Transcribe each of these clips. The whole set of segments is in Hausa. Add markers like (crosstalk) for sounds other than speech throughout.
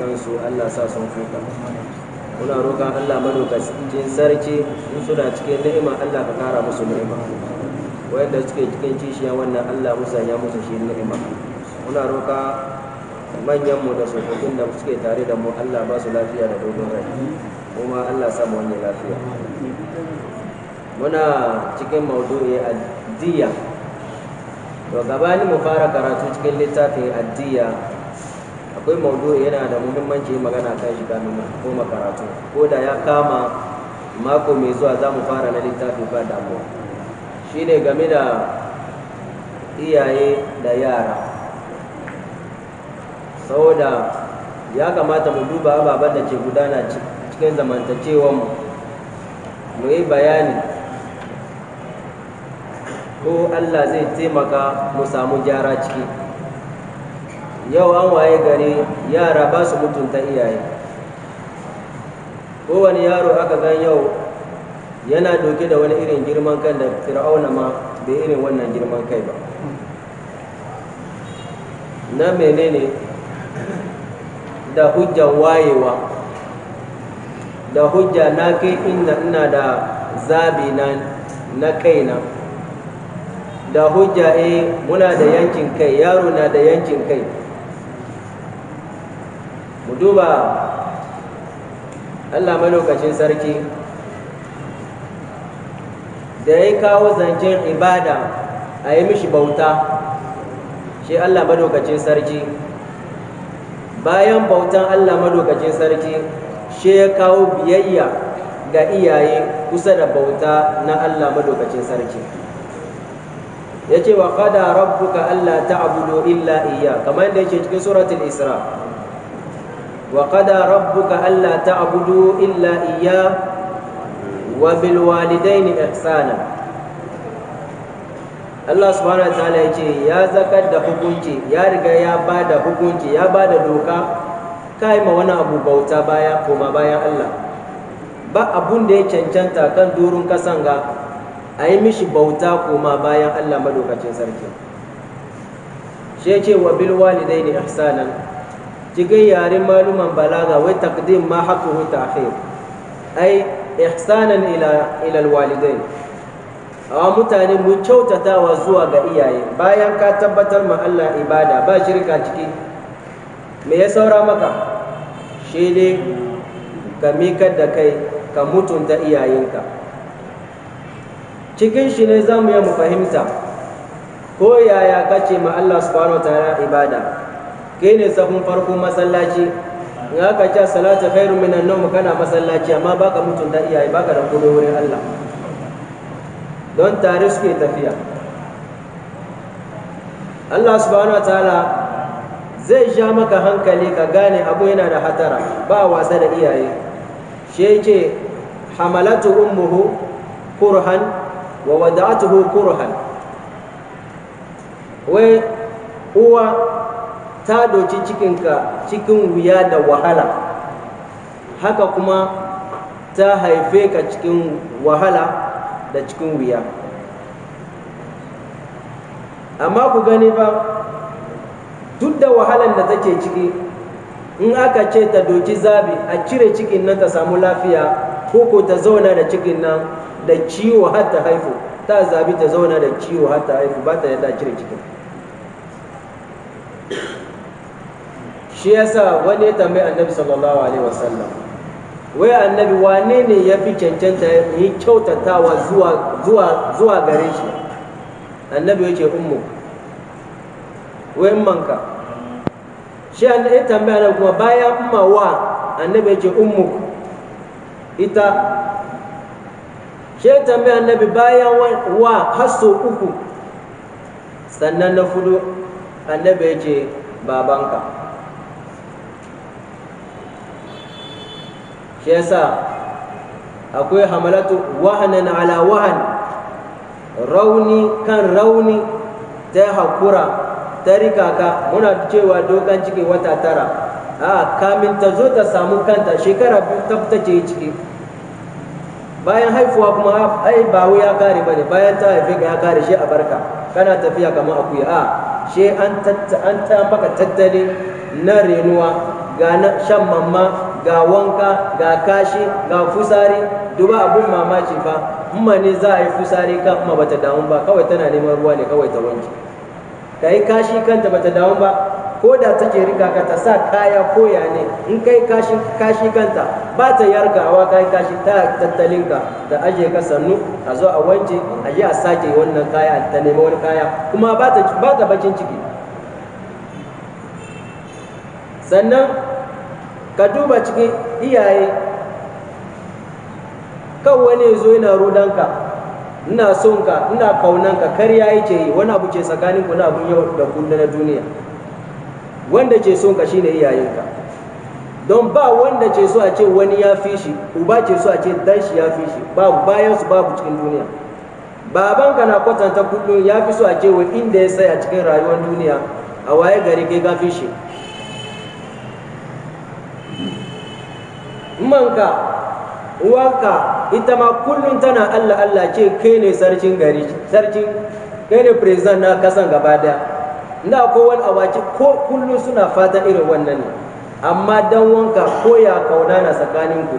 kansu Allah sa sun kuka muna roƙa Allah madaukakin sarki in suna cikin ni'ima Allah ka kara musu ni'ima wanda suke cikin kishiya wannan Allah musa ya musu shi ni'ima muna roƙa manyanmu da sokokin da suke tare da mu Allah ba su lafiya da dogon rai kuma Allah sa mu wani lafiya muna cikin maudu'i addiya to gabanin mu fara karatu cikin littafin addiya akwai maudu yana da muhimmanci magana kan shi kamin mu koma karatu ko da ya kama mako mai zuwa za mu fara na littafi ba damuwa shine game da iyaye da yara saboda ya kamata mu duba ababen da ke gudana cikin zamantakewar mu mu yi bayani ko allah zai taimaka mu samu gyara ciki yau an waye gari yara ba su mutunta iyaye kowane yaro aka gan yau yana doke da wani irin girman kan da fir'auna ma bai irin wannan girman kai ba na menene da hujja wayewa da hujja na kai inda ina da zabi na na kaina da hujja eh muna da yankin kai yaro na da yankin kai mu duba allah lokacin sarki da ya kawo zancen ibada a yi mishi bauta shi allah lokacin sarki bayan bautan allah lokacin sarki shi ya kawo biyayya ga iyaye kusa da bauta na allah lokacin sarki ya ce wa kada rabbuka allah ta abudu illa iya kamar da yake cikin suratul isra' وقضى ربك ألا تعبدوا إلا إياه وبالوالدين إحسانا Allah subhanahu wa ta'ala ya ce ya zakar da hukunci ya riga ya ba da hukunci ya ba da doka ka yi ma wani abu bauta baya koma bayan Allah ba abun da ya cancanta kan durin kasan ga a yi mishi bauta koma bayan Allah madokacin sarki shi ya ce wa bil ihsanan cikin yaren maluman balaga wai takdim ma haƙƙuhu ta'khir ai ihsanan ila ila a awa mutane mu kyautatawa zuwa ga iyaye bayan ka tabbatar ma Allah ibada ba shirka ciki me ya saura maka shi dai ka mikar da kai ka mutunta iyayenka cikin shi ne za mu yi mu fahimta ko yaya kace ma Allah subhanahu wa ta'ala ibada kene ne farko masallaci in aka ce salatu khairu minan nawm kana masallaci amma baka mutunta iyaye baka da komai wurin Allah don tare suke tafiya Allah subhanahu wa ta'ala zai sha maka hankali ka gane abu yana da hatara ba wasa da iyaye shi yake hamalatu ummuhu kurhan wa wada'atuhu kurhan wai uwa ta doki cikinka cikin wuya da wahala haka kuma ta haife ka cikin wahala da cikin wuya amma ku gani ba duk da wahalan da take ciki in aka ce ta doki zabi a cire cikin nan ta samu lafiya ko ko ta zauna da cikin nan da ciwo har ta haifu ta zabi ta zauna da ciwo har ta haifu ba ta yadda cire cikin shi yasa wani ya tambayi annabi sallallahu alaihi wasallam wai annabi wane ne ya fi cancanta yi kyautatawa zuwa gare shi annabi yake ce ummu wai manka shi an ya tambaya na kuma baya umma wa annabi yake ce ummu ita shi ya tambaya annabi baya wa hasso uku sannan na fudu annabi yake ce babanka shi yasa akwai hamalatu wahanan ala wahan rauni kan rauni ta hakura ta rikaka muna cewa dokan ciki wata tara a kamin ta zo ta samu kanta shekara biyu ta ce ciki bayan haifuwa kuma ai ba ya kare bane bayan ta haife ya kare shi a barka kana tafiya kamar akuya a she an an ta maka tattali na renuwa ga shan mamma ga wanka ga kashi ga fusari duba abun mamaki fa ma ne za a yi fusari kan kuma bata damu ba kawai tana neman ruwa ne kawai ta wanke ta yi kashi kanta bata damu ba ko da take riga ka ta sa kaya koya ne in kai kashi kashi kanta ba ta ka kai kashi ta tattalin ka da aje ka sannu a zo a wanke a yi a sake wannan kaya ta nemi wani kaya kuma ba ta bakin ciki sannan ka duba cikin iyaye kan wani ya zo yana rudanka ina son ka ina kaunan ka karya yake yi wani abu ke tsakanin ku na abun yau da kunda na duniya wanda ke son ka shine iyayenka don ba wanda ke so a ce wani ya fi shi uba ke so a ce dan shi ya fi shi babu bayan su babu cikin duniya babanka na kwatanta kullum ya fi so a ce wa inda ya sai a cikin rayuwar duniya a waye gari kai ka fi shi manka uwanka ita ma kullum tana allah allah ce kai ne sarkin gari sarkin kai ne president na kasan gaba daya na ko wani awaci ko kullum suna fata irin wannan ne amma dan wanka ko ya kauna na tsakanin ku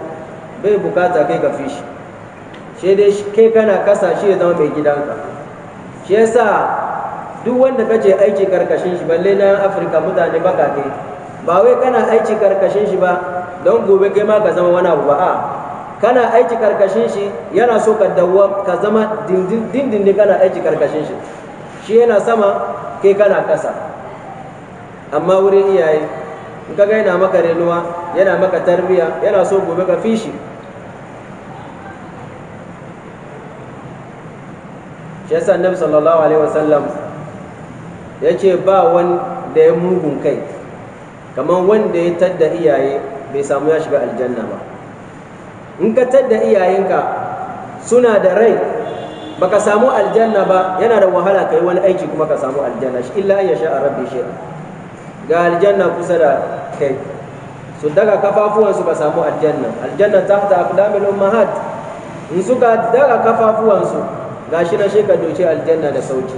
bai bukata kai ka fi shi dai kai kana kasa shi ya zama mai gidanka shi yasa duk wanda kace aiki karkashin shi balle na afirka mutane baka kai ba wai kana aiki karkashin shi ba don gobe kai ma ka zama wani abu ba a kana aiki karkashin shi yana so ka dawo ka zama dindindin kana aiki karkashin shi shi yana sama kai kana kasa amma wurin iyaye in ka ga yana maka renuwa yana maka tarbiya yana so gobe ka fi shi yasa annabi sallallahu alaihi wasallam ce ba wani da ya mugun kai kamar wanda ya tadda iyaye bai samu ya shiga aljanna ba in ka tadda iyayenka suna da rai baka samu aljanna ba yana da wahala kai wani aiki kuma ka samu aljanna shi illa ya sha rabbi shi ga aljanna kusa da kai su daga kafafuwansu ka samu aljanna aljanna ta tahta aqdamil ummahat in suka daga kafafuwansu gashi na shi ka doce aljanna da sauki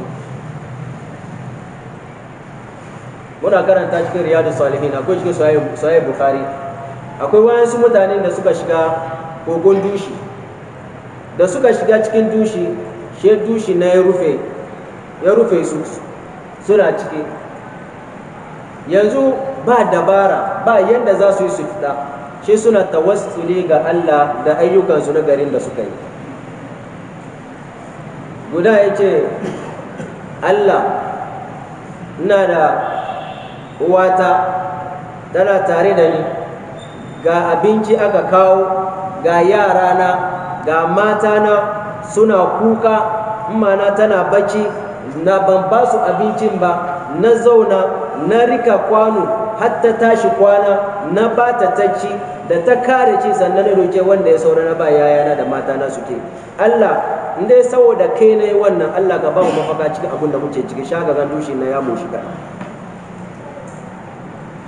muna karanta cikin riyadu salihin akwai cikin soyayya bukhari akwai wayansu mutane da suka shiga kogon dushi da suka shiga cikin dushi she dushi na ya rufe ya rufe su suna ciki yanzu ba dabara ba yadda za su yi su fita shi suna tawassuli ga Allah da ayyukansu na garin da suka yi guda ya ce Allah ina da uwata tana tare da ni ga abinci aka kawo ga yara na ga mata na suna kuka mana tana bacci na ban ba su abincin ba na zauna na rika kwano hatta tashi kwana na ba ta tacci da ta kare ci sannan na roke wanda ya saura na ba yayana da matana suke Allah in dai saboda kai na yi wannan Allah ka ba mu mafaka cikin abin da muke cikin shagagan dushi na ya mu shiga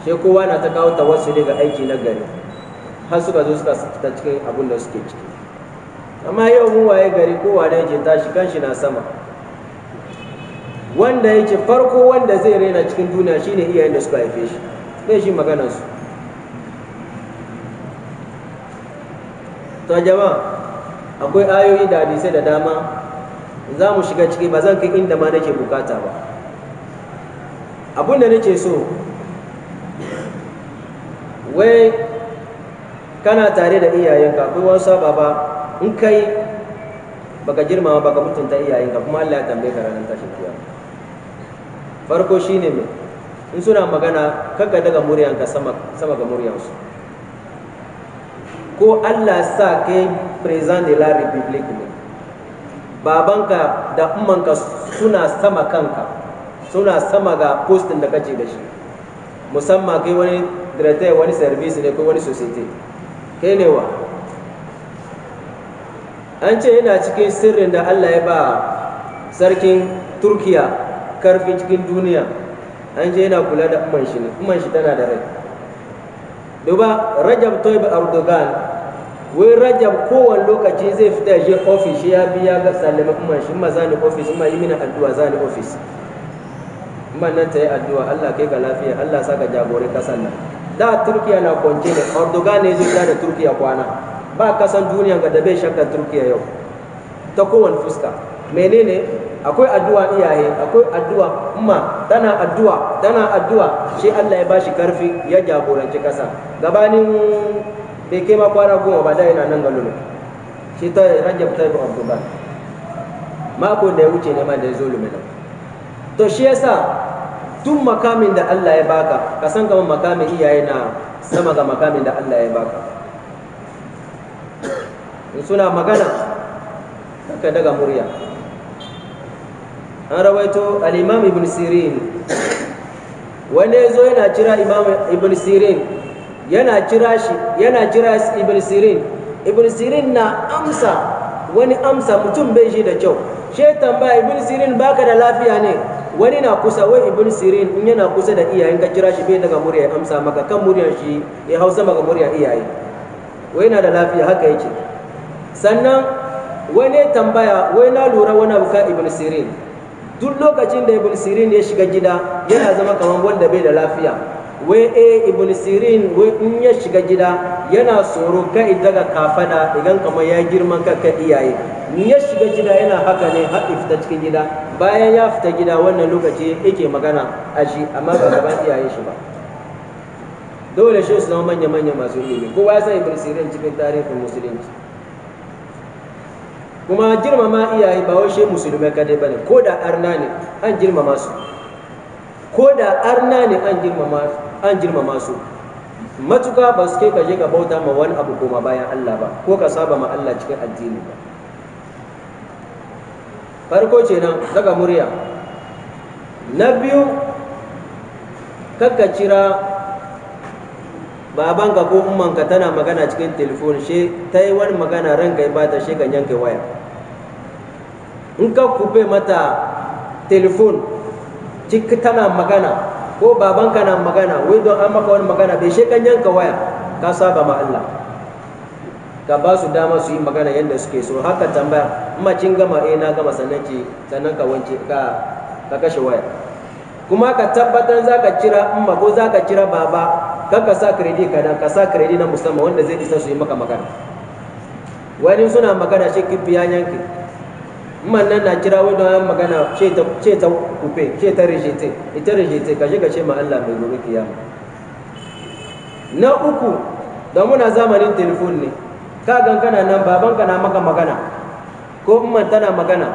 sai kowa na ta kawo tawassuli ga aiki na gari har suka zo suka ta cikin abin da suke ciki amma yau mu waye gari kowa da yake tashi kanshi na sama wanda yake farko wanda zai raina cikin duniya shine iyayen da suka haife shi zai shi maganar su to jama'a akwai ayoyi da hadisai da dama za mu shiga ciki ba zan kai inda ma nake bukata ba abin da nake so wai kana tare da iyayenka akwai wasu sababa in kai baka girmama baka mutunta iyayenka kuma Allah ya tambaye ka ranar tashin kiyama farko shine me in suna magana kanka daga muryanka sama sama ga muryansu ko Allah sa kai president de la republique ne babanka da ummanka suna sama kanka suna sama ga postin da kace da shi musamman kai wani director wani service ne ko wani society ke ne wa an ce yana cikin sirrin da allah ya ba sarkin turkiya karfi cikin duniya an ce yana kula da umar shi ne umar shi tana da rai duba rajab toib erdogan wai rajab kowane lokaci zai fita je ofis ya biya ga sallama umar shi ma zani ofis ma yi mini addu'a zani ofis ma nan ta yi addu'a Allah kai ga lafiya Allah saka jagori kasan nan da turkiya na kwance ne erdogan ne zai da turkiya kwana ba kasan duniya ga da bai shakkan turkiya yau ta kowane fuska menene akwai addu'a iyaye akwai addu'a umma tana addu'a tana addu'a shi Allah ya bashi karfi ya jagoranci kasa gabanin bai kai ma kwana goma ba da yana nan galulu shi ta Rajab yi Abdullah mako da ya wuce ne ma da ya zo lumina to shi yasa duk makamin da Allah ya baka ka san kamar makamin iyaye na sama ga makamin da Allah ya baka in suna magana ka daga murya an rawaito al-imam ibn sirin wanda ya zo yana jira imam ibn sirin yana jira shi yana jira ibn sirin ibn sirin na amsa wani amsa mutum bai shi da kyau shi tambaya ibn sirin baka da lafiya ne wani na kusa wai ibn sirin in yana kusa da iyayen ka kira shi bai daga murya ya amsa maka kan muryar shi ya hausa maka murya iyaye wai na da lafiya haka yake sannan wani tambaya wai na lura wani abu ka ibn sirin duk lokacin da ibn sirin ya shiga gida yana zama kamar wanda bai da lafiya wai eh ibn sirin wai in ya shiga gida yana tsoro kai daga kafada idan kamar ya girman kakka iyaye ni ya shiga gida yana haka ne har ifta cikin gida bayan ya fita gida wannan lokaci yake magana a shi amma ba gaban iyayen shi ba dole shi su zama manya-manya masu ilimi kowa ya san ibn sirin cikin tarihin musulunci kuma girmama iyaye ba wai shi musulmai kadai bane ko da arna ne an girmama su ko da arna ne an girmama su matuka ba su kai ka je ka bauta ma wani abu koma bayan Allah ba ko ka saba ma Allah cikin addini ba farko kenan daga murya na biyu kakka cira babanka ko umanka tana magana cikin telefon she ta yi wani magana ranka yi bata ta ganyen yanka waya in ka kube mata telefon cikin tana magana ko babanka na magana wai don an maka wani magana bai she yanka waya ka saba ma Allah ka ba su dama su yi magana yadda suke so haka tambaya in gama eh na gama sannan ce sannan ka wance ka ka kashe waya kuma ka tabbatar za ka cira umma ko za ka cira baba kan ka sa kredi kadan ka sa kredi na musamman wanda zai isa su yi maka magana wani suna magana shi kifi ya yanki. man nan na kira wani don magana ce ta kufe ce ta rejete ita rejete ka shiga ce ma Allah mai gobe kiyama na uku don muna zamanin telefon ne ka gan kana nan babanka na maka magana ko umman tana magana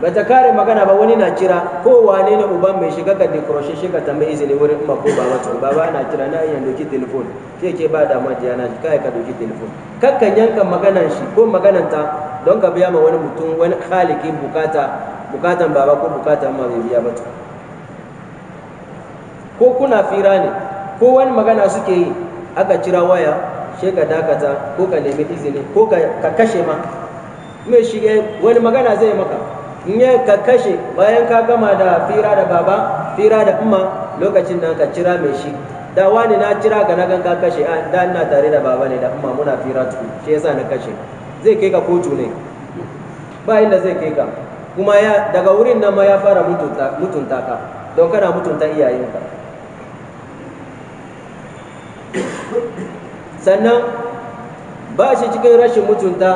ba ta kare magana ba wani na kira ko wane ne uban mai shiga ka dekoroshe shi ka tambayi izini wurin umma ko baba to baba na kira na iya doki telefon ke ke ba damuwa da shi kai ka doki telefon kakkan yanka maganan shi ko maganan ta don ka biya ma wani mutum wani khalikin bukata bukatan baba ko bukatan ma bai biya ba ko kuna fira ne ko wani magana suke yi aka kira waya she ka dakata ko ka nemi izini ko ka kashe ma mai shige wani magana zai maka in ya ka kashe bayan ka gama da fira da baba fira da umma lokacin nan ka cira mai shi da wani na cira ga na kashe a da ina tare da baba ne da umma muna fira tu shi yasa na kashe zai kai ka kotu ne ba inda zai kai ka kuma ya daga wurin nan ma ya fara mutunta ka don kana mutunta iyayenka sannan ba shi cikin rashin mutunta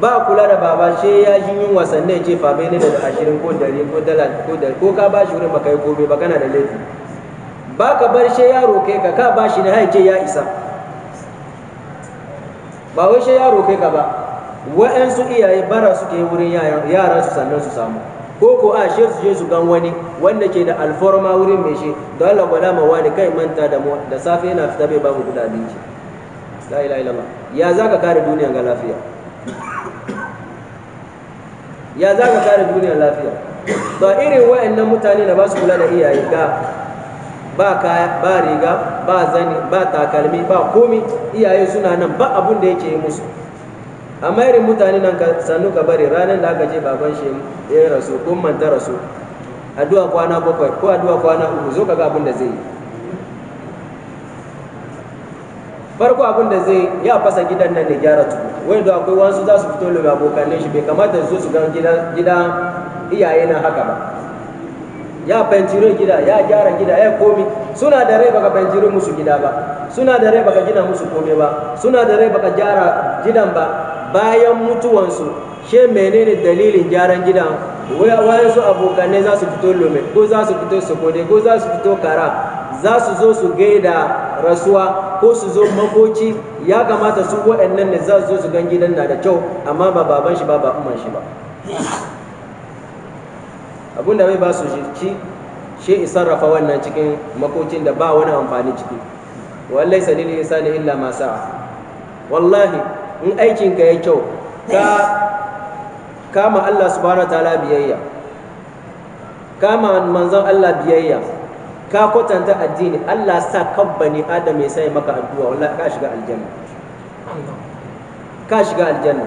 ba kula da baba shi ya ji yin wasannin ce fami ne daga ashirin ko dari ko dala ko dari ko ka ba shi wurin makai yi gobe ba kana da laifi ba ka bar shi yaro kai ka ka ba shi na haice ya isa ba wai shi yaro kai ka ba wa'ansu iyaye bara suke wurin yaran su sannan su samu ko ko a shi su je su gan wani wanda ke da alforma wurin mai shi da Allah gwada ma wani kai manta da da safe yana fita bai ba mu abinci la ilaha illallah ya ka kare duniya ga lafiya ya za ka kare duniya lafiya Ba irin wayannan mutane da ba su kula da iyaye ga ba kaya ba riga ba zani ba takalmi ba komi iyaye suna nan ba abun da yake yi musu amma irin mutane nan ka sannu ka bari ranar da aka je baban shi ya rasu kun manta rasu addu'a kwana bakwai ko addu'a kwana uku zo ka ga abin da zai yi farko abin da zai ya fasa gidan nan da gyara tuku wai da akwai wasu za su fito lura abokanin shi bai kamata su su gan gida iyaye na haka ba ya fentiro gida ya gyara gida ya komi suna da rai baka fentiro musu gida ba suna da rai baka gina musu komai ba suna da rai baka gyara gidan ba bayan mutuwansu she menene dalilin gyaran gidan su abokanai za su fito lome ko za su fito sokode ko za su fito kara za su zo su gaida rasuwa ko su zo makoci ya kamata su waɗannan ne za su zo su gan gidan na da kyau amma ba baban shi ba ba umar shi ba abun da ba su shi isan sarrafa wannan cikin makocin da ba wani amfani ciki wallai isa ne illa ma wallahi in aikinka ya kyau ka kama Allah subhanahu ta'ala biyayya kama manzon Allah biyayya ka kwatanta addini Allah sa kabbani Adam ya sai maka addu'a wallahi ka shiga aljanna ka shiga aljanna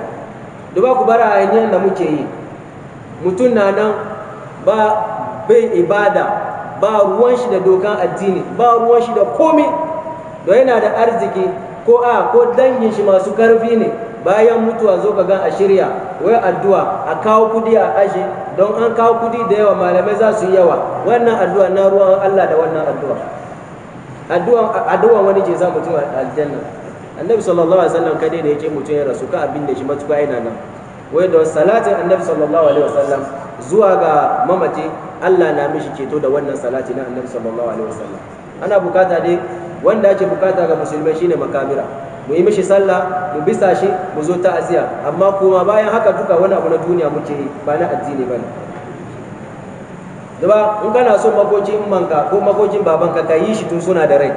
duba ku bara da muke yi mutum na nan ba bai ibada ba ruwan shi da dokan addini ba ruwan shi da komai da yana da arziki ko a ko dangin shi masu karfi ne bayan mutuwa zo ka gan a shirya wai addu'a a kawo kudi a ashe don an kawo kudi da yawa malamai za su yi yawa wannan addu'a na ruwan Allah da wannan addu'a addu'a wani ce za mutum aljanna annabi sallallahu alaihi wasallam kadai da yake mutum ya rasu ka abin da shi matuƙa yana nan wai da salatin annabi sallallahu alaihi wasallam zuwa ga mamaci Allah na mishi ceto da wannan salati na annabi sallallahu alaihi wasallam ana bukata dai wanda ake bukata ga musulmai shine makamira mu yi mishi sallah mu bisa shi mu zo ta'aziya amma kuma bayan haka duka wani abu na duniya muke yi ba na addini bane ne in kana son makocin manka ko makocin babanka ka yi shi tun suna da rai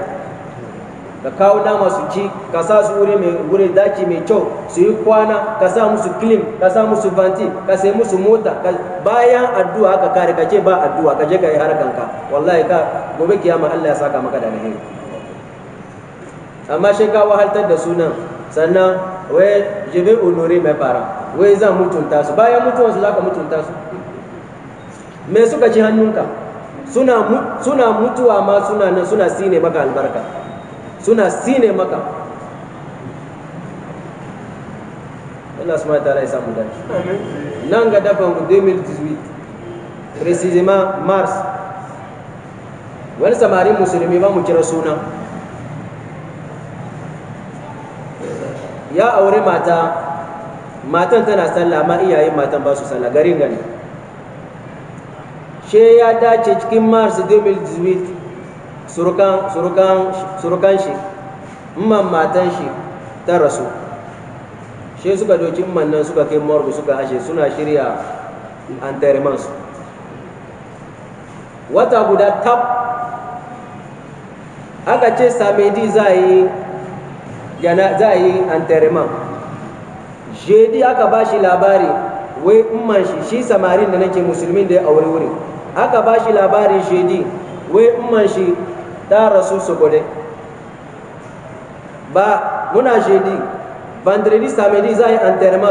ka kawo dama su ci ka sa su wuri mai wuri daki mai kyau su yi kwana ka sa musu kilim ka sa musu fanti ka sai musu mota bayan addu'a ka kare ka ce ba addu'a ka je ka yi harkanka wallahi ka gobe kiyama Allah ya saka maka da alheri amma shi ka wahaltar da sunan sannan wai jibi unuri mai fara wai zan mutunta su bayan mutuwarsu su zaka mutunta su me suka ci hannunka suna mutuwa ma suna nan suna sine maka albarka suna sine maka Allah su mata ya samu dace nan ga dafan 2018 precisément mars wani samarin musulmi ba mu kira sunan. ya aure mata matan tana sallah amma iyayen matan ba su sallah garin gani she ya dace cikin mars 2018 surukan surukan surukan shi man matan shi ta rasu she suka doki nan suka kai morgu suka ashe suna shirya an su wata guda tab aka ce samedi za a yi yana za a yi antareman jedi aka ba shi labari wai umman shi shi samarin da nake musulmin da ya aure wuri aka ba shi labarin jedi wai umman shi ta rasu su gode ba muna jedi bandredi samedi za a yi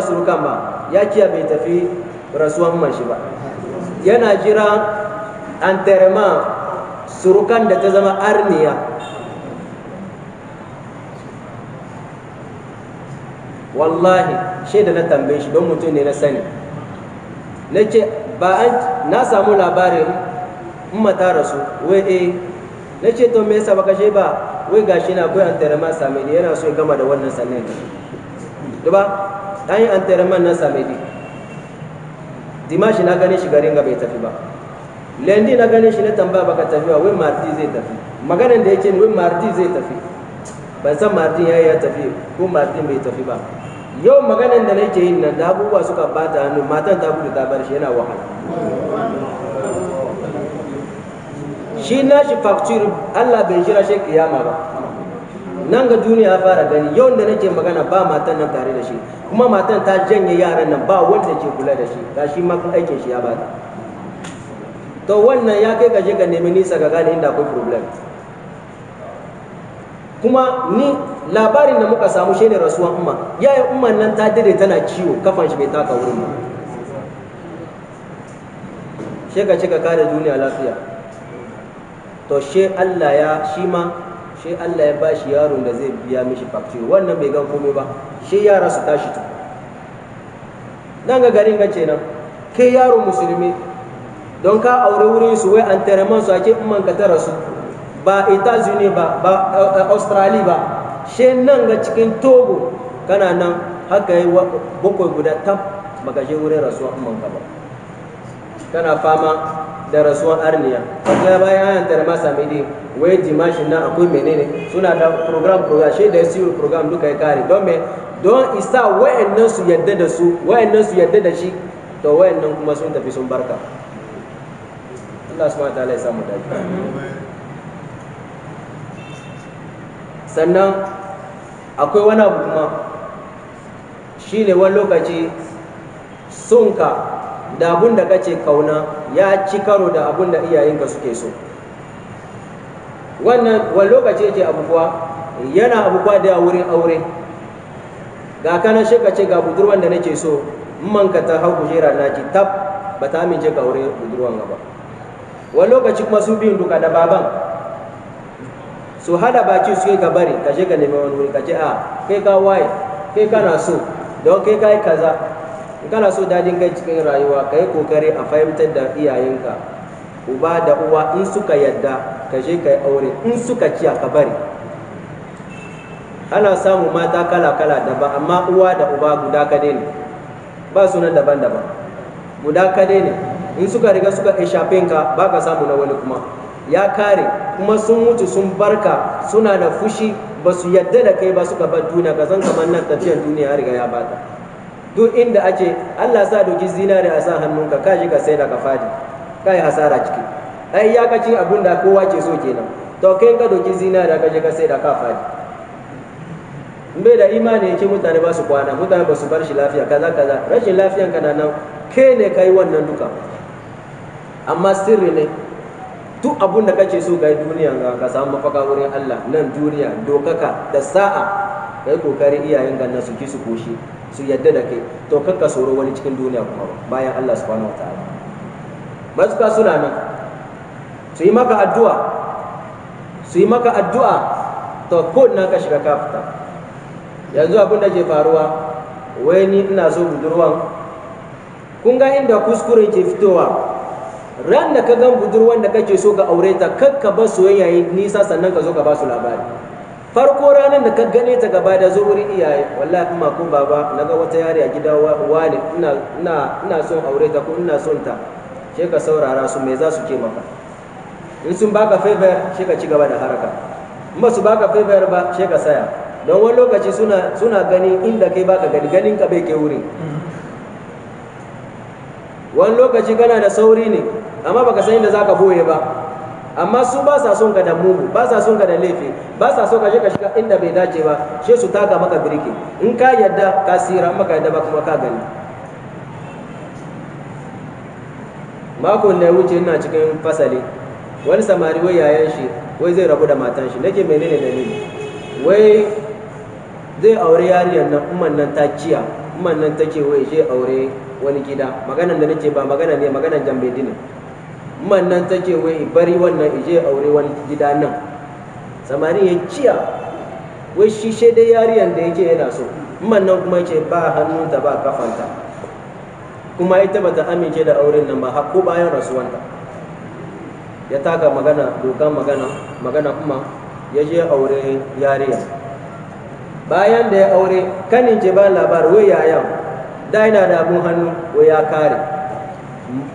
su surukan ba ya kiya bai tafi rasuwan umman shi ba yana jira antareman surukan da ta zama arniya wallahi shaida na tambaye shi don mutum ne na sani na ce ba an na samu labarin mata rasu wai eh na ce to me yasa baka she ba wai gashi na koyan tarama same ni yana so ya gama da wannan sannan duba an yi antarama nan same ni dimashi na gane shi garin ga bai tafi ba lendi na gane shi na tambaya baka tafi ba wai marti zai tafi maganar da yake wai marti zai tafi ban san martin ya ya tafi ko martin bai tafi ba yau maganan da nake yin nan da abubuwa suka bata hannu matan ta gudu ta bar shi yana wahala shi na shi faktur Allah bai shira shi kiyama ba nan ga duniya fara gani yau da nake magana ba matan nan tare da shi kuma matan ta janye yaran nan ba wanda ke kula da shi ga shi ma aikin shi ya bata to wannan ya kai ka ga ka nemi nisa ka gane inda akwai problem kuma ni labarin da muka samu shine rasuwan umma yayin umman nan ta dade tana ciwo kafan shi bai taka wurin ba she ka ka kare duniya lafiya to she Allah ya shi ma she Allah ya bashi yaron da zai biya mishi factory wannan bai gan komai ba she yara su tashi to dan ga garin gace nan kai yaro musulmi don ka aure wurin su wai an tare man su ake umman ka tara su ba Etats-Unis ba ba eh, eh, Australia ba she nan ga cikin Togo kana nan haka yi bakwai guda tab je wurin rasuwa umman ka ba kana fama da rasuwan arniya kuma bayan an tare ma sami waye wai jimashin nan akwai menene suna da program program shi da siyo program duka ya kare don me don isa wayannan su yadda da su wayannan su yadda da shi to wayannan kuma sun tafi sun barka Allah subhanahu wa ta'ala ya samu dace sannan akwai wani abu kuma shine wani lokaci sunka da abun da kace kauna ya ci karo da abun da iyayenka suke so wannan wani lokaci yake abubuwa yana abubuwa da wurin aure ga kana shi ka ce ga budurwan da nake so man ka ta hau kujera na tab ba ta amince ka aure budurwan ba wani lokaci kuma su biyun duka da baban su hada baki su ka bari ka je ka nemi wani wuri ka ce a kai ka waye kai kana so don kai ka yi kaza kana so dadin kai cikin rayuwa ka yi kokari a fahimtar da iyayenka uba da uwa in suka yadda ka je ka yi aure in suka ciya ka bari ana samu mata kala-kala daban amma uwa da uba guda kadai ne ba sunan daban-daban guda kadai ne in suka riga suka ishafinka ba ka samu na wani kuma ya kare kuma sun wuce sun barka suna da fushi ba su yadda da kai ba suka bar duniya ka san kamar nan tafiyar duniya ya riga ya bata duk inda ake Allah sa doki zinare a sa hannunka ka shi ka sai da ka fadi ka yi hasara ciki ai iyakacin abin da kowa ke so kenan to kai ka doki zinare ka je ka sai da ka fadi bai da imani yake mutane ba su kwana mutane ba su bar shi lafiya kaza kaza rashin lafiyan ka na nan ke ne kai wannan duka amma sirri ne duk abun da kace so ga duniya ga ka samu mafaka wurin Allah nan duniya dokaka da sa'a kai kokari iyayen ka su ki su koshi su yadda da kai to kakka soro wani cikin duniya kuma bayan Allah subhanahu wataala ka suna nan su yi maka addu'a su yi maka addu'a to ko na ka shiga ka fita yanzu abin da ke faruwa wai ni ina so budurwan kun ga inda kuskuren ke fitowa ran da ka gan budurwan da kake so ka aure ta kar ka bar soyayya yi nisa sannan ka zo ka ba su labari farko ranar da ka gane ta gaba da zo wurin iyaye wallahi kuma ko baba na ga wata yari a gida wani ina ina ina son aure ta ko ina son ta sai ka saurara su me za su ke maka in sun baka favor sai ka ci gaba da haraka in ba su baka favor ba sai ka saya don wani lokaci suna suna gani inda kai baka gani ganin ka bai ke wuri. Mm-hmm. wani lokaci kana da sauri ne amma baka san inda zaka boye ba amma su ba sa son ka da mugu ba sa son ka da laifi ba sa son ka je ka shiga inda bai dace ba she su taka maka birki in ka yadda ka sira ka yadda ba kuma ka gani makon da ya wuce ina cikin fasali wani samari wai yayan shi wai zai rabu da matan shi nake menene dalili wai zai aure yariyar nan umman nan ta ciya umman nan take wai je aure wani gida maganan da nake ba magana ne magana jambedi ne man nan take wai bari wannan ije aure wani gida nan samari ya ciya wai shi dai yariyan da yake yana so man nan kuma yake ba hannunta ba kafanta kuma ita bata amince da auren nan ba hakko bayan rasuwanta ya taka magana dokan magana magana kuma ya je aure yariya bayan da ya aure kanin ce ba labar wai yayan da yana da abun hannu wai ya kare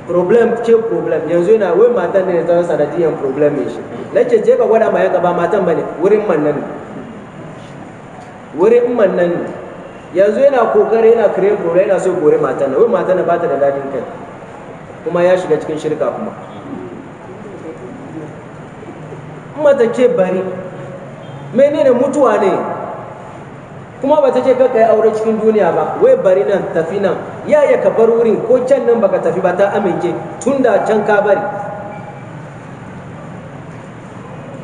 problem ce problem yanzu yana wai matan ne ta sanadiyan problem ne shi nace je ka gwada ma ya gaba matan bane wurin mannan wurin mannan yanzu yana kokari yana create problem yana so gore matan wai matan ba ta da dadin kai kuma ya shiga cikin shirka kuma mata ke bari menene mutuwa ne kuma ba ta ce ka yi aure cikin duniya ba wai bari nan tafi nan ya ya ka bar wurin ko can nan baka tafi ba ta amince tun da can ka bari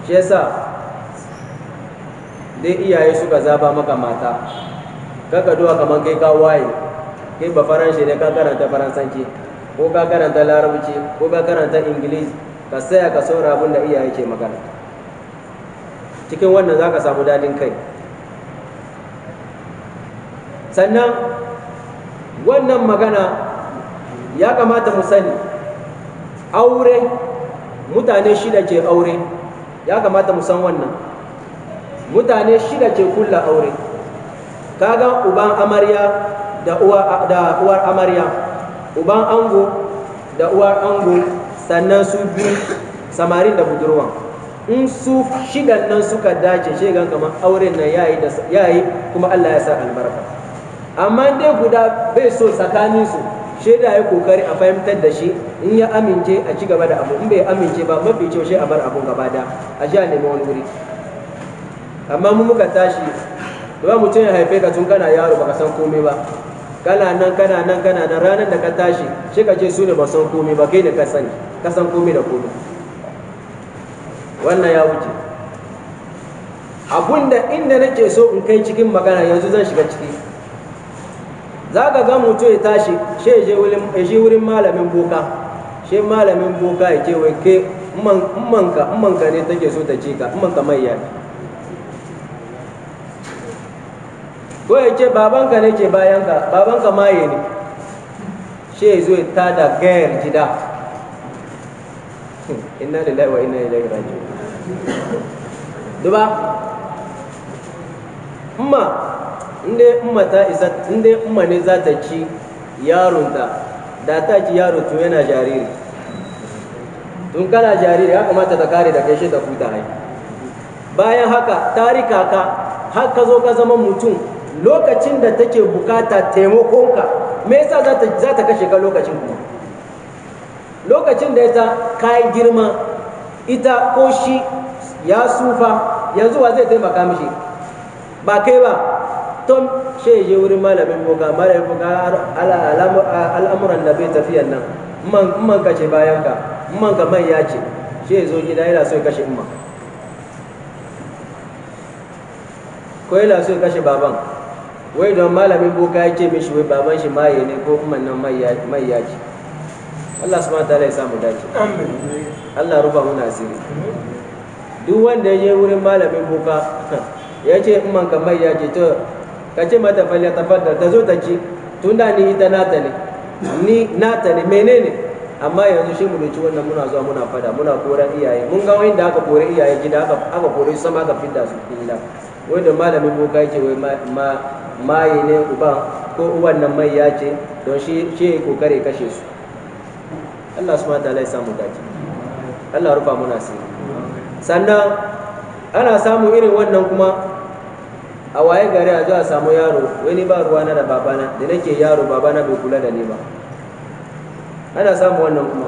shi yasa dai iyaye suka zaba maka mata kaka duwa kamar kai ka waye kai ba faranshe ne ka karanta faransanci ko ka karanta larabci ko ka karanta ingilishi ka saya ka saura abin da iyaye ke magana cikin wannan za ka samu dadin kai sannan wannan magana ya kamata mu sani aure mutane shida ke aure ya kamata mu san wannan mutane shida ke kulla aure kaga uban amarya da uwar amarya uban ango da uwar ango sannan su bi samarin da budurwa in su shidan nan suka dace shegan kamar auren nan yayi kuma allah ya sa albarka amma dai guda bai so tsakanin su shaida ya kokari a fahimtar da shi in ya amince a ci gaba da abu in bai amince ba mafi kyau shi a bar abun gaba da a sha nemi wani wuri amma mu muka tashi ba mutum ya haife ka tun kana yaro baka san komai ba kana nan kana nan kana nan ranar da ka tashi shi ka ce su ne ba san komai ba kai da ka sani ka san komai da komai wannan ya wuce abun da inda nake so in kai cikin magana yanzu zan shiga ciki za ka ga mutum ya tashi shi ya je wurin malamin boka shi malamin boka ya ce wai ke manka manka ne take so ta ce ka manka mai yaki ko ya ce babanka ne ke bayanka babanka maye ne shi ya zo ya tada gayar gida (laughs) inna lillahi wa inna ilaihi raji'un duba inda umma ta isa inda umma ne za ta ci yaronta da ta ci yaro to yana jariri tun kana jariri ya kamata ta kare da kai shi ta huta hai bayan haka tarika ka har ka zo ka zama mutum lokacin da take bukata taimakonka me yasa za ta kashe ka lokacin kuma lokacin da ita kayan girma ita ko shi ya sufa yanzu wa zai taimaka mishi ba kai ba tom shi je wurin malamin boga malamin boga al'amuran da bai tafiyan nan man kace bayan ka man ka man ya ce shi zo gida yana so kashe imma ko yana so kashe baban wai don malamin boga yake mishi wai baban shi maye ne ko kuma nan mai ya ce Allah subhanahu ta'ala ya samu dace Allah ruba mu nasiri duk wanda ya je wurin malamin boga ya ce in man ka mai ya ce to ka ce mata falyatafaddal ta zo ta ci tunda ni ita nata ne ni nata ne menene amma yanzu shi mu ci wannan muna zuwa muna fada muna koran iyaye mun ga wanda aka kore iyaye gida aka aka kore su sama aka fidda su gida wai da malamin boka yake wai ma maye ne uba ko uban nan mai ya ce don shi shi kokare kashe su Allah subhanahu wa ta'ala ya samu dace Allah rufa muna sai sannan ana samun irin wannan kuma a waye gari a zo a samu yaro wani ba ruwana da babana da nake yaro babana bai kula da ni ba ana samu wannan kuma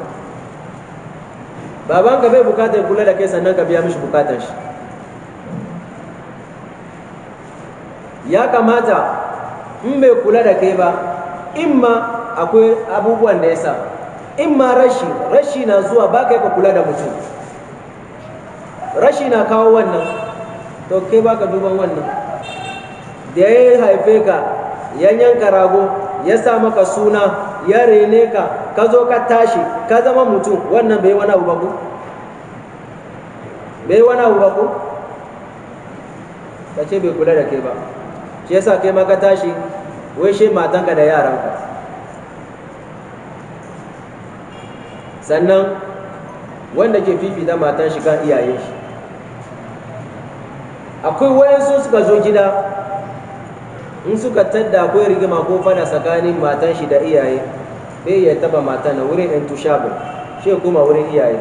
babanka bai bukata ya kula da kai sannan ka biya mishi bukatar shi ya kamata in bai kula da kai ba in ma akwai abubuwan da ya sa in ma rashi rashi na zuwa ba kai ka kula da mutum rashi na kawo wannan to kai ba ka duban wannan da ya haife ka ya yanka rago ya sa maka suna ya rene ka ka zo ka tashi ka zama mutum wannan bai wani abu ba bai wani abu ba ka ce bai kula da ke ba shi yasa kai ma ka tashi wai shi matanka da yaran ka. sannan wanda ke fifita matan shi kan iyayen shi akwai wayansu suka zo gida in suka tadda akwai rigima ko fada tsakanin matan shi da iyaye bai ya taba matan na wurin yan tushabu shi kuma wurin iyaye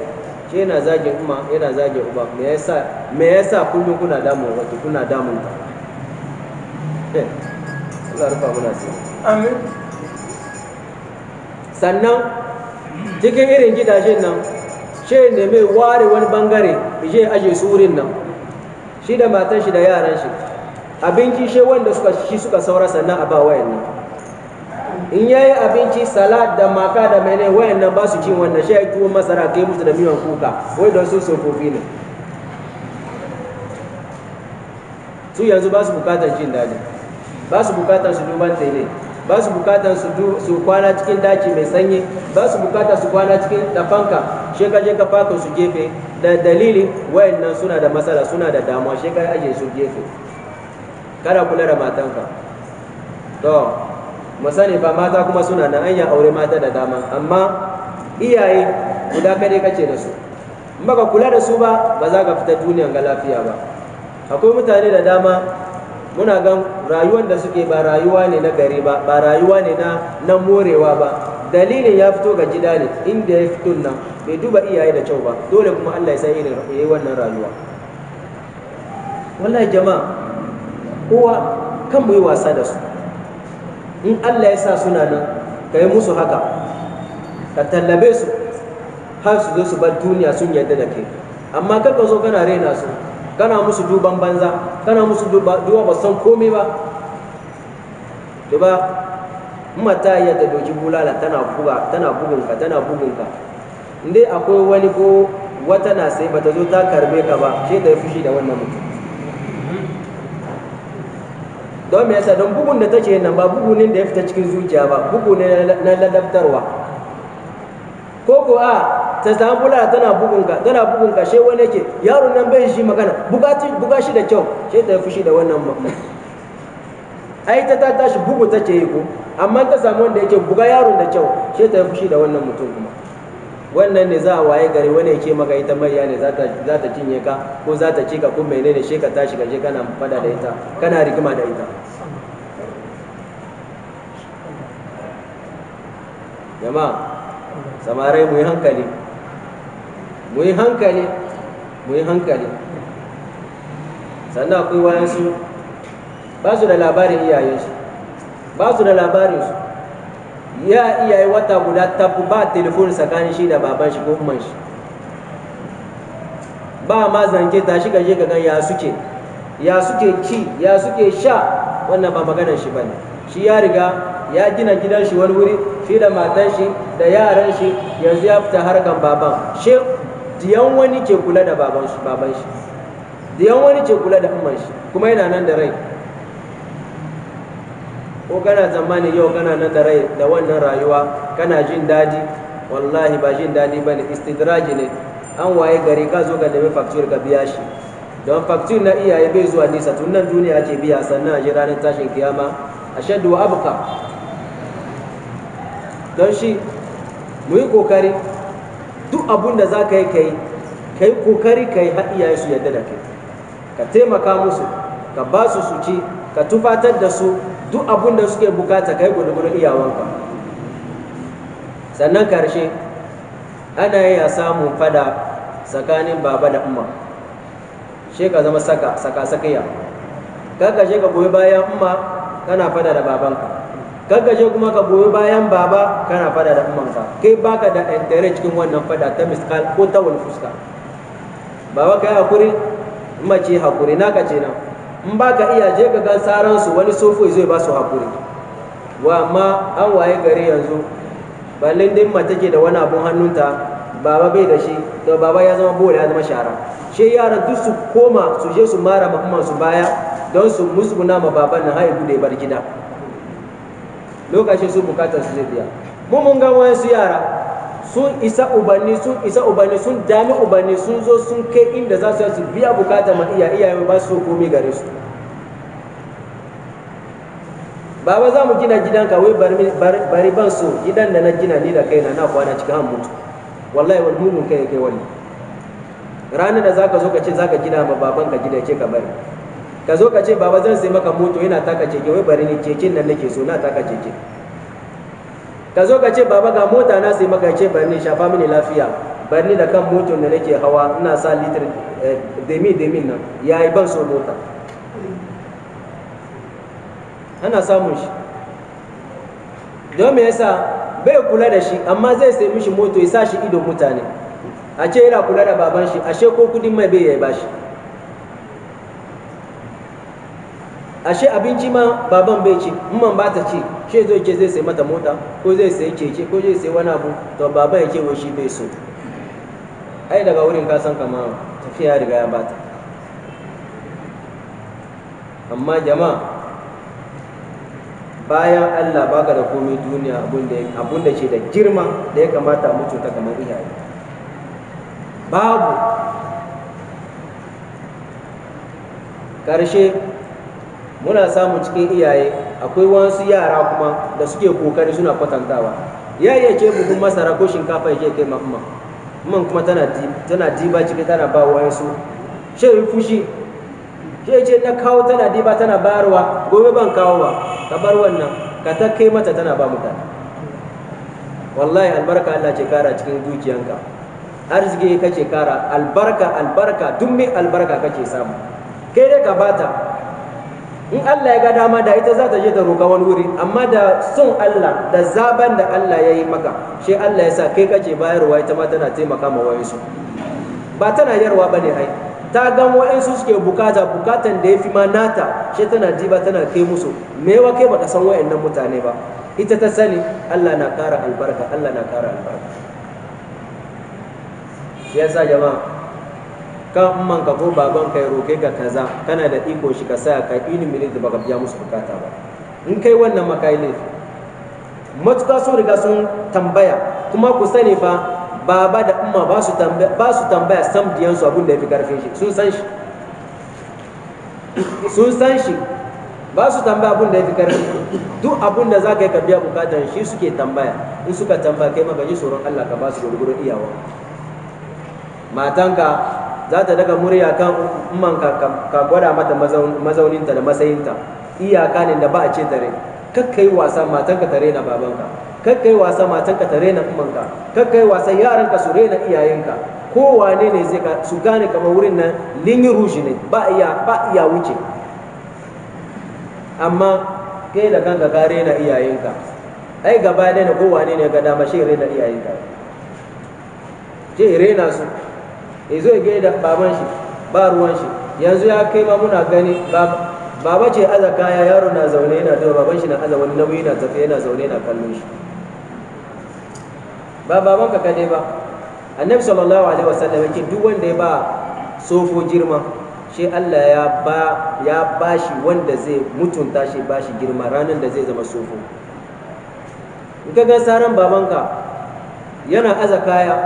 shi yana zagin umma yana zagin uba me ya me kullum kuna damu wato kuna damun ta eh, muna amin sannan cikin irin gidajen nan shi ne mai ware wani bangare je aje surin nan shi da matan shi da yaran shi abinci shi wanda suka shi suka saura sannan a ba wayannan in yayi abinci salat da maka da mene nan ba su cin wannan shi ya tuwo masara kai musu da miyan kuka wai don su sofofi ne su yanzu ba su bukatar jin daji ba su bukatar su duban tele ba su bukatar su kwana cikin daki mai sanyi ba su bukatar su kwana cikin dafanka shi ka je ka faka su gefe da dalilin nan suna da matsala suna da damuwa shi ka aje su gefe kada kula da matanka to musani ba mata kuma suna nan an aure mata da dama amma iyaye guda kade kace da su in baka kula da su ba ba za ka fita duniyan ga lafiya ba akwai mutane da dama muna gan rayuwar da suke ba rayuwa ne na gari ba ba rayuwa ne na na morewa ba dalilin ya fito ga gida ne inda ya fito nan bai duba iyaye da kyau ba dole kuma Allah ya san irin eh, wannan rayuwa wallahi jama'a kowa kan mu yi wasa da su in Allah ya sa suna nan ka yi musu haka ka tallabe su har su zo su bar duniya sun yarda da ke, amma kar ka zo kana raina su kana musu duban banza kana musu duba ba san komai ba duba mata iya yadda doki bulala tana buga tana bugunka tana bugunka indai akwai wani ko wata na sai ba ta zo ta karbe ka ba sai ta fushi da wannan mutum don me yasa don bugun da take nan ba bugu ne da ya fita cikin zuciya ba bugu ne na ladabtarwa ko ko a ta samu bula tana bugun ka tana bugun ka shewa ne ke yaro nan bai shi magana buga shi da kyau shi ta fushi da wannan magana ai ta tashi bugu take yi ko amma ta samu wanda yake buga yaron da kyau shi ta fushi da wannan mutum kuma wannan ne za a waye gari wani ke maka ita mariya ne za ta cinye ka ko za ta ci ka ko menene shi ka tashi ka kana fada da ita kana rigima da ita jama'a samarai mu yi hankali mu yi hankali mu yi hankali sannan akwai wayansu ba su da labarin iyayensu ba su da labarinsu ya iya yi wata guda tafi ba telefon tsakanin shi da baban shi ko umar shi ba ma zanke ta shi gaje ga ya suke ya suke ci ya suke sha wannan ba maganar shi bane shi ya riga ya gina gidan shi wani wuri shi da matan shi da yaran shi yanzu ya fita harkar baban shi diyan wani ke kula da baban shi baban shi wani ke kula da umman shi kuma yana nan da rai ko kana zamani yau kana nan da rai da wannan rayuwa kana jin dadi wallahi ba jin daɗi ba ne istidraji ne an waye gari ka zo ka nemi facture ka biya shi don facture na iyaye bai zuwa nisa tun nan duniya ake biya sannan a ji ranar tashin kiyama a shaddu wa abuka don shi mu yi kokari duk abun da za ka yi ka ka yi kokari ka yi har iyaye su yadda da kai ka taimaka musu ka ba su su ci ka tufatar da su duk abin da suke bukata kai gudugudun iyawanka sannan karshe ana iya samun fada tsakanin baba da umma shi ka zama saka saka sakiya kaka shi ka goyi bayan umma kana fada da babanka kaka shi kuma ka goyi bayan baba kana fada da ummanka kai baka da intere cikin wannan fada ta miskal ko ta wani fuska baba kai hakuri mace hakuri naka ce nan in ba ka iya je ka ga saransu wani sofo zai ba su haƙuri wa amma an waye gari yanzu ballin din mace ke da wani abun hannunta baba bai da shi da baba ya zama bola ya zama shara shi yara duk su koma su je su mara ma su baya don su musguna ma baban na haihu da bar gida lokacin su bukatar su zai biya mu mun ga su yara sun isa ubanni sun isa ubanni sun dami ubanni sun zo sun kai inda za su su biya bukata ma iya iya ba su kome gare su baba za mu gina ka wai bari ban so gidan da na gina ni da kaina na kwana cikin han mutu wallahi wani mugun kai kai wani ranar da zaka zo ka ce zaka gina ma baban ka gida ce ka bari ka zo ka ce baba zan sai maka mutu yana taka keke wai bari ni keken nan nake so na taka keke ka zo ka ce baba ga mota na sai maka ce bari shafa mini lafiya bari da kan motar da nake hawa ina sa litir eh, demi demi nan yi ban so mota ana samun shi don me yasa bai kula da shi amma zai sai mishi moto ya sa shi ido mutane a ce yana kula da baban shi ashe ko kudin mai bai ya bashi ashe abinci ma baban bai ci umman ba ta ci shi zai zai sai mata mota ko zai sai keke ko zai sai wani abu to baba ya kewa shi bai so ai daga wurin kasan kama tafiya riga ya bata amma jama'a bayan Allah baka da komai duniya abun da ke da girma da ya kamata a mutu ta kamar iyaye babu ƙarshe muna samu cikin iyaye akwai wasu yara kuma da suke kokari suna kwatantawa ya iya ce buhun masara ko shinkafa ya ke kai mamma man kuma tana diba ciki tana ba wayansu shi yi fushi shi ce na kawo tana diba tana barwa gobe ban kawo ba ka bar wannan ka ta kai mata tana ba mutane wallahi albarka Allah ce kara cikin dukiyanka arziki kake kara albarka albarka dummi mai albarka kake samu kai dai ka bata in Allah ya ga dama da ita za ta je ta roƙa wani wuri amma da sun Allah da zaben da Allah ya yi maka shi Allah ya sa kai kace bayarwa ita ma tana taimaka ma wayansu ba tana yarwa bane ai ta gan wayansu suke bukata bukatan da ya fi ma nata shi tana diba tana kai musu mewa kai baka san wayannan mutane ba ita ta sani Allah na ƙara albarka Allah na ƙara albarka shi yasa jama'a kan man ka ko baban ka ya roke ka kaza kana da iko shi ka sa ka ni ne da baka biya musu bukata ba in kai wannan makai ne matuƙa sun riga sun tambaya kuma ku sani fa baba da umma ba su tambaya ba su tambaya sam diyansu abin da ya fi karfin shi sun san shi sun san shi ba su tambaya abin da ya fi shi. duk abin da za ka yi ka biya bukatar shi suke tambaya in suka tambaya kai maka ji tsoron Allah ka ba su gurgurun iyawa matanka za ta daga murya kan umman ka gwada mata mazauninta da matsayinta iyaka ne da ba a ce tare kakkai wasa matanka tare na babanka kakkai wasan matanka tare na umanka kakkai wasan yaranka su rena iyayenka kowane ne zai ka su gane kamar wurin nan linyi rushi ne ba iya ba iya wuce amma kai da kanka ka rena iyayenka ai gaba ne na kowane ne ga dama shi rena iyayenka je rena su ya zo ya baban shi ba ruwan shi yanzu ya kai ma muna gani baba ce aza kaya yaro na zaune yana da baban shi na aza wani nauyi na yana zaune yana kallon shi ba baban ka kadai ba annabi sallallahu alaihi wasallam yake duk wanda ya ba sofo girma shi Allah ya ba ya bashi wanda zai mutunta shi bashi girma ranar da zai zama sofo in ka ga saran babanka yana aza kaya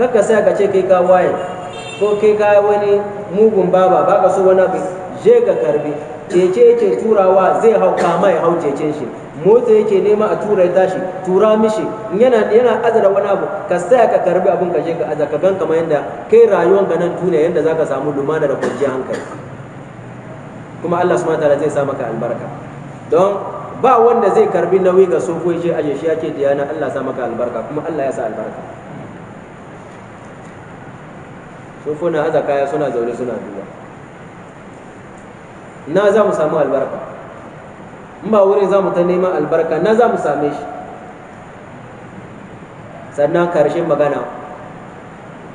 kakka sai ka ce kai ka waye ko kai ka wani mugun baba ba ka so wani abu je ka karbi cece yake turawa zai hau kama ya hau cecen shi motsa yake nema a tura ya tashi tura mishi yana yana azara wani abu ka saya ka karbi abin ka je ka aza gan kamar yadda kai rayuwar ka nan tuna yadda zaka samu lumana da kwanci hankali kuma Allah subhanahu wataala zai sa maka albarka don ba wanda zai karbi nauyi ga sofo je aje shi yake diyana Allah sa maka albarka kuma Allah ya sa albarka sufuna haza kaya suna zaune suna duba na za mu samu albarka in ba wurin za mu ta neman albarka na za mu same shi sannan karshen magana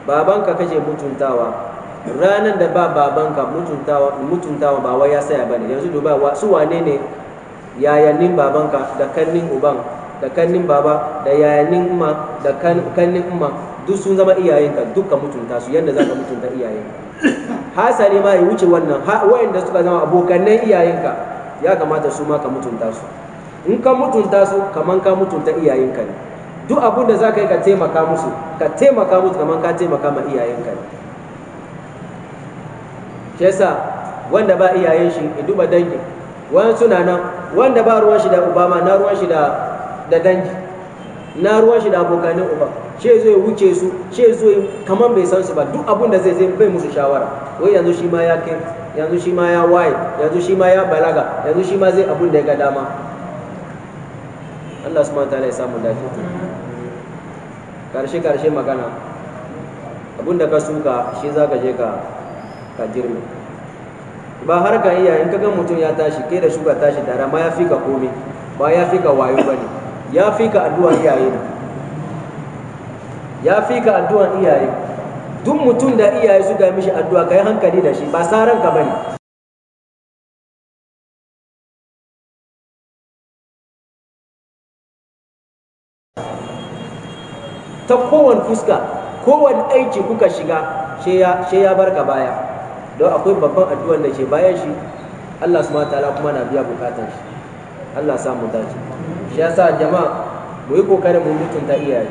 babanka kashe mutuntawa ranar da ba babanka mutuntawa ba wai ya saya bane yanzu duba su wane ne yayannin babanka da kannin uban da kannin baba da yayannin umma da kannin duk sun zama iyayenka dukkan mutunta su yadda za ka mutunta iyayenka hasali ma ya wuce wannan wayanda suka zama abokanan iyayenka ya kamata su ma ka mutunta su in ka mutunta su kaman ka mutunta iyayenka ne duk abin da za ka yi ka taimaka musu ka taimaka musu kaman ka taimaka ma iyayenka ne shi yasa wanda ba iyayen shi ya duba dangi wani suna nan wanda ba ruwan shi da obama na ruwan shi da dangi na ruwan shi da abokanin uba she zo ya wuce su she zo kamar bai san su ba duk abin da zai zai bai musu shawara wai yanzu shi ma ya kai yanzu shi ma ya waye yanzu shi ma ya balaga yanzu shi ma zai abin da ya ga dama Allah subhanahu wataala ya samu dace karshe karshe magana abin da ka suka shi za ka je ka ka ba har ka iya in ka ga mutum ya tashi kai da shuka tashi tare ma ya fi ka komai ba ya fi ka wayo ba ne ya fi ka addu’an iyaye ya fi ka addu’an iyaye duk mutum da iyaye suka mishi addu'a ka yi hankali da shi ba sa ka ba ta kowane fuska kowane aiki kuka shiga shi ya barka baya don akwai babban addu'an da ke bayan shi Allah ma ta'ala kuma na biya bukatar shi Allah samu dace shi sa jama'a mu yi kokarin mu mutunta iyaye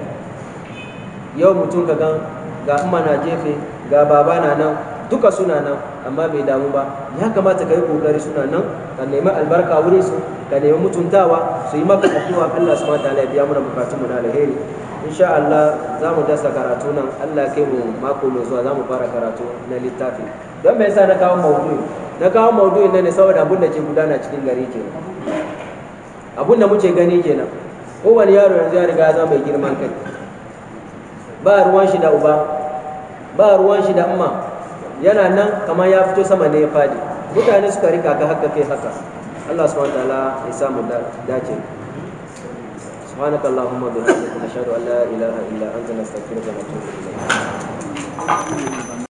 yau mutum ka gan ga amma na jefe ga baba na nan duka suna nan amma bai damu ba ya kamata ka yi kokari suna nan ka nemi albarka wurin su ka nemi mutuntawa su yi maka addu'a Allah subhanahu wataala ya biya mana bukatun mu na alheri insha Allah za mu dasa karatu nan Allah kai mu mako mai zuwa za mu fara karatu na littafi don me yasa na kawo maudu'i na kawo maudu'i ne saboda abin da ke gudana cikin gari ke. abun da muke gani kenan kowane yaro yanzu ya riga zama mai girman kai ba ruwan shi da uba ba ruwan shi da amma yana nan kamar ya fito sama ne ya fadi mutane suka rika ka haka kai haka Allah subhanahu wa ta'ala ya samu dace سبحانك اللهم وبحمدك نشهد ان لا اله الا انت نستغفرك ونتوب اليك